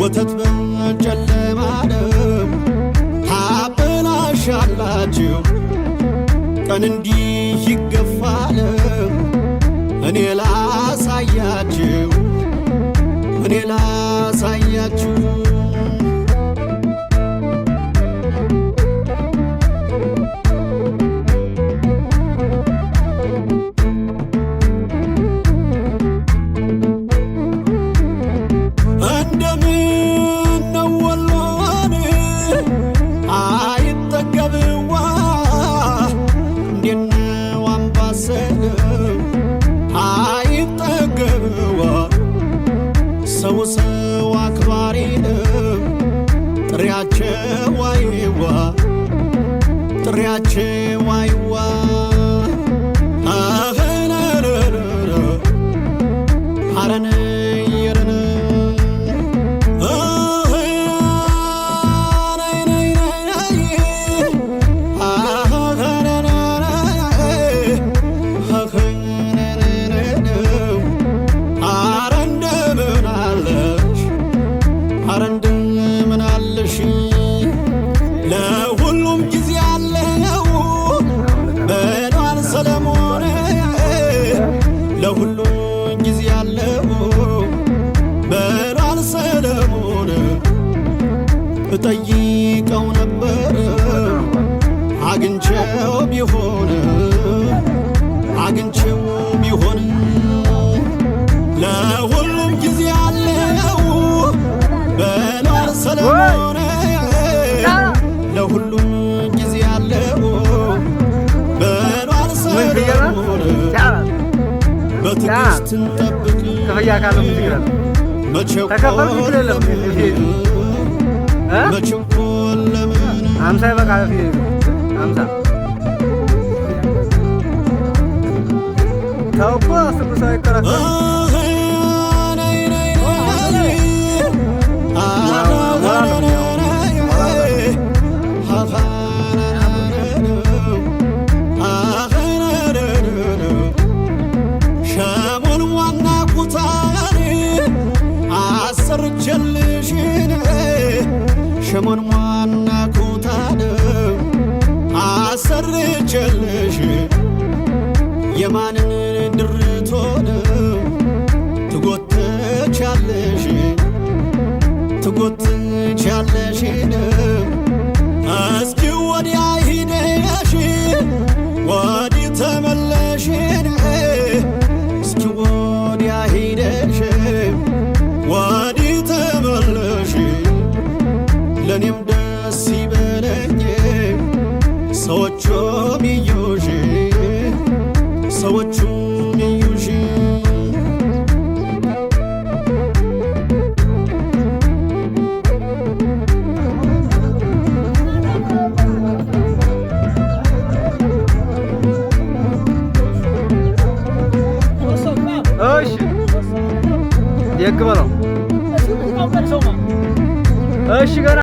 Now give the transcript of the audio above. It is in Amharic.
ወተት በጨለማ ደም ታበላሻላችሁ ቀን እንዲህ ይገፋል እኔ ላሳያችሁ እኔ ላሳያችሁ ዋይዋ ጥሪያቼ ዋይዋ ለሁሉ ጊዜ አለው በሏል ሰለሞን። እጠይቀው ነበር አግኝቼው ቢሆን አግኝቼው ቢሆን ክፍያ ተው እኮ ስብሰባ ይከራከራል ከሞንሟና ኩታደም አሰርቼልሽ የማንን ድርቶን ትጎተቻለሽ ትጎት ደግ በለው እሺ። ገና